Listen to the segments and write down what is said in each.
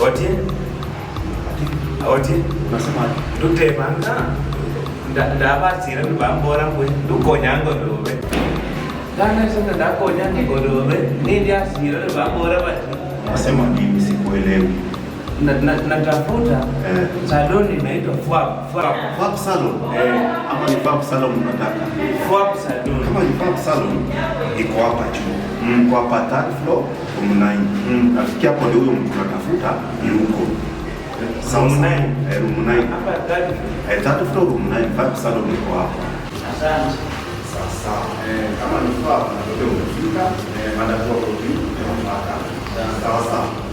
Otie? Otie? Nasema dute manga. Da da ba sira ni bambora kwe. Duko nyango dobe. Nasema mimi sikuelewi. natafuta eh. saloni inaitwa Fab Fab Fab ni Fab Salon unataka? Kama ni Fab iko hapa chuo mm. kwa third flow room 9 nafikia hapo ndio huyo mtu anatafuta yuko eh, room 9 9 hapa third eh, floor room 9 back salon niko hapo. Asante. Sasa eh, kama ni kwa ndio eh, mada kwa kwa sawa sawa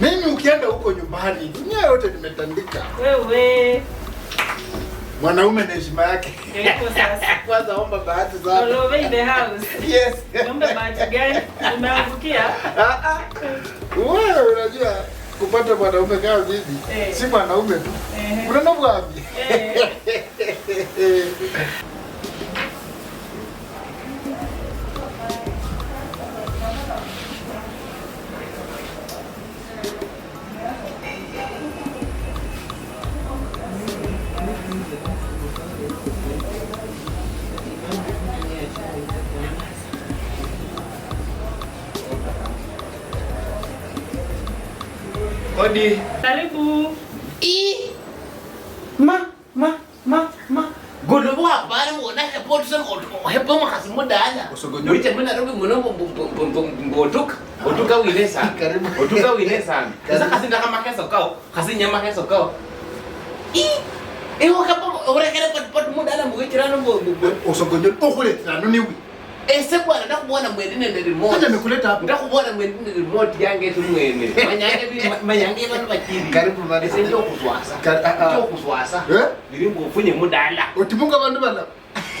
Mimi ukienda huko nyumbani, dunia yote nimetandika. Wewe mwanaume na heshima yake. Kwanza omba bahati zako. Love in the house. Yes. Omba bahati gani? Umeangukia? Ah ah. Wewe unajua kupata mwanaume kama mimi eh. si mwanaume tu. Eh. Unaona bwana? Eh. Hodi. Karibu. I. Ma, ma, ma, ma. Godo bwa bare mo na hepo tsem o hepo mo hasu mo dala. Muri tena na robi mwana mo botuk. Botuka wile sana. Karibu. Botuka wile sana. Sasa kasi ndaka makesa kao. Kasi nyama kesa kao. I ewaka po orekere pat pat mudala mukichirano mbo osogojol okuletirano niwi ese bwana ndakubona mwene nende remote nimekuleta hapo ndakubona mwene nende remote yange tu mwene manyange bi manyange bana bakiri karibu mali ese ndio kuzwasa ndio kuzwasa eh nirimbo ufunye mudala otimunga bantu bana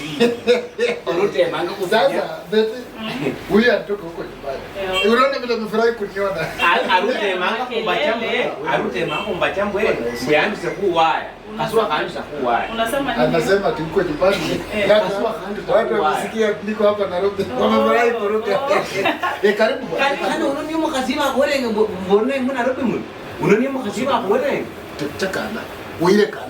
sasa beti huyu nyumbani. Watu wamesikia niko hapa Nairobi. Oh. Wamefurahi kuruka. Oh. Eh, karibu bwana. unaona mimi kazima gore ngone mbona Nairobi mimi. Unaona mimi kazima gore. Tutaka na. Uile kana.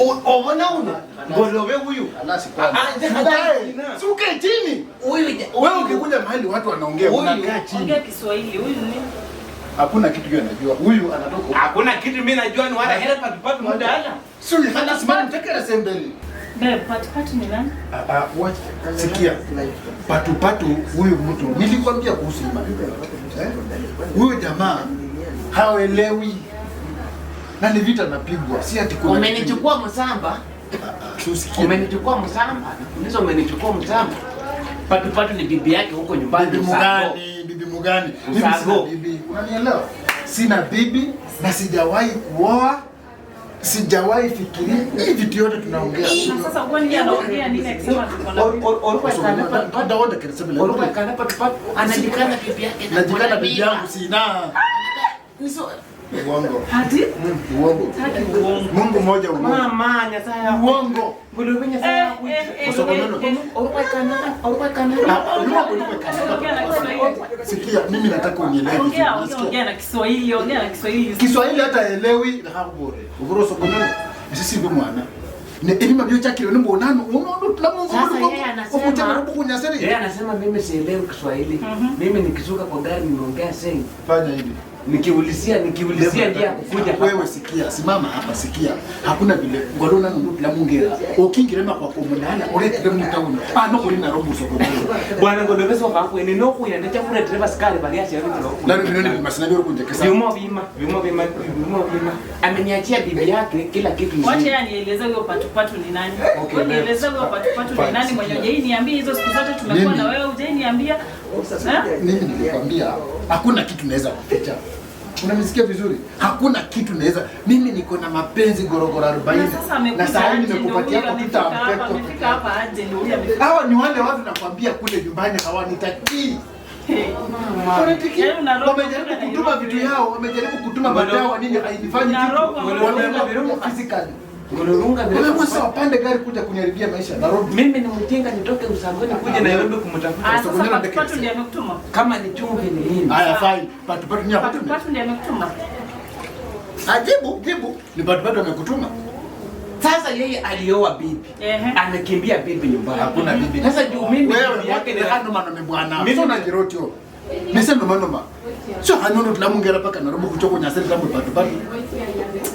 O mwanaume ngolowe huyu suke ah, eh, chini. Wewe ukikuja mahali watu wanaongea unakaa chini. Ongea Kiswahili huyu ni Hakuna kitu yeye anajua. Huyu anatoka. Hakuna kitu mimi najua ni wala ah. hela patupatu muda ala. Sio hana simama mteke na sembeli. Babe, patupatu ni nani? Ah, ah what? Sikia. Patupatu huyu mtu nilikwambia kuhusu imani. Eh? Huyu jamaa haelewi na ni vita napigwa, si ati kuna. Umenichukua msamba, tusikie. Umenichukua msamba, nakuuliza umenichukua msamba. Patu Patu ni bibi yake huko nyumbani. Bibi mgani? Bibi mgani? bibi sina bibi, unanielewa? Sina bibi na sijawahi kuoa, sijawahi fikiria hii vitu yote tunaongea. Sasa kwa nini anaongea nini akisema tuko na tunaona? Anajikana bibi yake najikana bibi yangu sina. Uongo. Hadi? Uongo. Hadi uongo. Mungu mmoja uongo. Mama nyasaya. Uongo. Bulubi nyasaya. Osoko eh, eh, eh, neno. Oruka kana, oruka kana. Ah, oruka kana. Sikia, mimi nataka unielewe. Ongea, ongea na Kiswahili, ongea na Kiswahili. Kiswahili hata elewi hakubore. Uburo soko neno. Sisi ndio mwana. Ne elima byo chakiro ni mbonano unondo tulamu ngulu ukutema rubu kunyaseri. Yeye anasema mimi sielewi Kiswahili. Mhm. Mimi nikishuka kwa gari nimeongea sengi. Fanya hivi nikiulizia nikiulizia ndiye akukuja wewe. Sikia, simama hapa, sikia, hakuna vile ngorona ndo bila mungera okingirema kwa komunana uretire ah no kuri na robo soko bwana ngodobezo hapo ene no kuya ndacha kuna driver skari bali acha yote robo na ndio ni masina biro kunje kesa yumo bima yumo bima yumo bima ameniachia bibi yake kila kitu nzuri. Wacha yani eleza huyo patu ni nani? Okay, eleza huyo patu ni nani mwenye hujai niambia hizo siku zote tumekuwa na wewe hujai niambia. Mimi nilikwambia hakuna kitu naweza kuficha. Unanisikia vizuri? Hakuna kitu naweza mimi, niko na mapenzi gorogoro arobaini na saa hii nimekupatia kupita mpeko. Hawa ni wale watu nakwambia, kule nyumbani hawanitakii yaani wamejaribu kutuma vitu yao, wamejaribu kutuma madawa nini, hainifanyi kitu, wamejaribu physically wewe wapande gari kuja kuniharibia maisha Nairobi. Mimi ni mtinga nitoke Usangoni ah, kuja ah, Nairobi kumtafuta. Kama ni chumvi ni nini? Haya fine. Patu patu ndio amekutuma. Ajibu, ah, jibu. Ni patu amekutuma. Sasa yeye alioa bibi. Amekimbia bibi nyumbani. Hakuna bibi. Sasa juu mimi yake ni hano maana mbwana. Mimi na jiroti Nise noma noma. Sio hanono tulamungera paka Nairobi kutoka unyasiri tamu batu batu.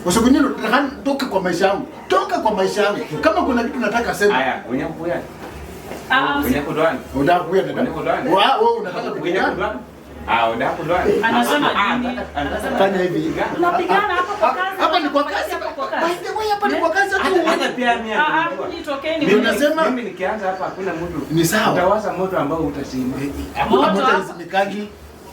Usikunyino tunakan toka kwa maisha yangu. Toka kwa maisha yangu. Kama kuna kitu nataka sema. Wa Hapa ah, ah, ni kwa kazi. Ah, ah, Ni sawa. Utawaza moto ambao utazima. Moto hazimikagi.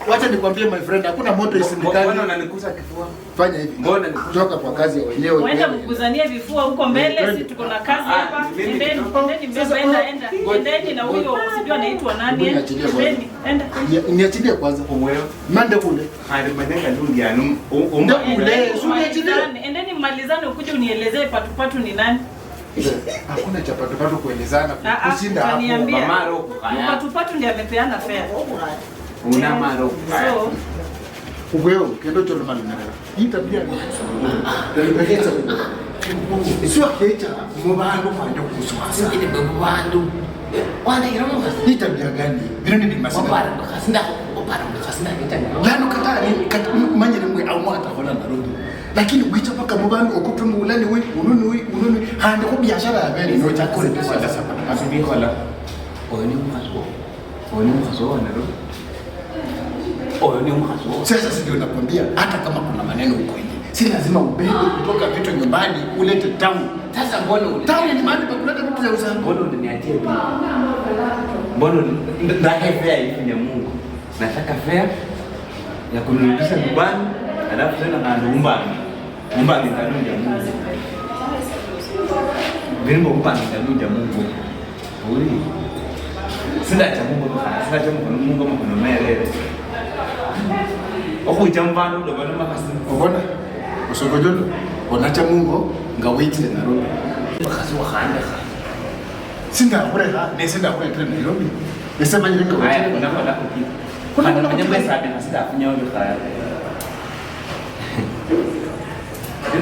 Wacha nikwambie my friend, hakuna moto isindikani. Mbona unanikuza kifua? Fanya hivi. Mbona kutoka kwa kazi ya wenyewe. Waenda kukuzania vifua huko mbele, sisi tuko na kazi ah, hapa. Endeni, endeni mbele, enda, enda. Endeni na huyo usijua anaitwa nani. Endeni, enda. Niachilie kwanza kwa moyo. Mande kule. Hadi madeka ndugu ya numu. Um, um, ndio um, kule. Suniachilie. Endeni mmalizane ukuje unielezee patupatu ni nani. Eh, hakuna cha patu patu kuelezana ah, ah, kushinda hapo. Mamaro. patu ndiye amepeana fare una maroma eh. Ukweo, kendo cholo malimera. Ita pia Isiwa kecha mubandu kwanja kuswasa. Ile babandu. Wanda yiramo. Ita gani? Bironi ni masina. kasinda. Opara kasinda ita. Lano katari kat mwe au mwata hola Lakini wicha paka mubandu okupima ulani we ununi we ununi hande ko biashara ya bene no chakore pesa sasa. Asibikola. Oyoni mwazo. Oyoni mwazo narudu. Oyo ni mwanzo. Sasa si ndio nakwambia, hata kama kuna maneno uko nje, si lazima ubebe kutoka vitu nyumbani ulete tamu. Sasa mbona ule? Tamu Ni mahali pa kuleta vitu za uzani. Mbona unaniachia pia? Mbona nataka fare hivi ni Mungu, nataka fare ya kunirudisha nyumbani, alafu tena naomba ni kanuni ya Mungu virimbo kupanga kanuni ya Mungu uli sina cha Mungu, sina cha Mungu, Mungu mkonomelewe okhucha mubandu lobona makhasi obona osokojodo onacha mungo nga wichile narobi makhasi wakhandekha sindakhurekha nesindakhurekere nairobi ese manyire nga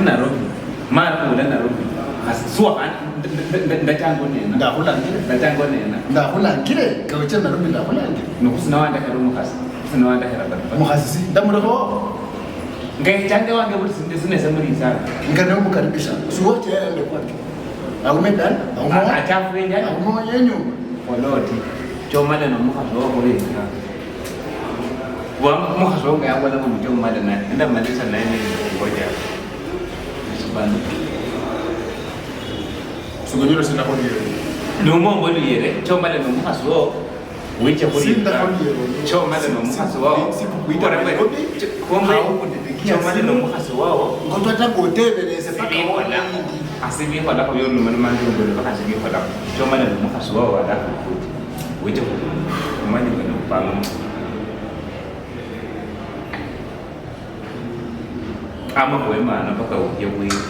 narobi mara khula narobi ndakhulangire ndakhulangire kawechanarobi ndakhulangire nokhusina wandakhala omukhasi muhasizi ndamuliho ngechange wange ndisinesemulisa ngenemukaribisha siwote aende kwake aumedani achafuenjani aumoye nyumba oloti chomale nomukhasi wokhulindika mukhasi wonge yabola ngomuchomale endamalisa naye nengoja esibanu sukunyulo sinakholiere nomomboliyere chomale nomukhasi wo winjye muri cyo maze ni umuhazi wabo cyo maze ni umuhazi wabo ngoto atakutebereze paka wala asibikhola ko yolu mana manje ngolo bakazibikhola cyo maze ni umuhazi wabo wala futhi winjye kuthi umanye ngene ubhanga amagwemana bakawoye kuyo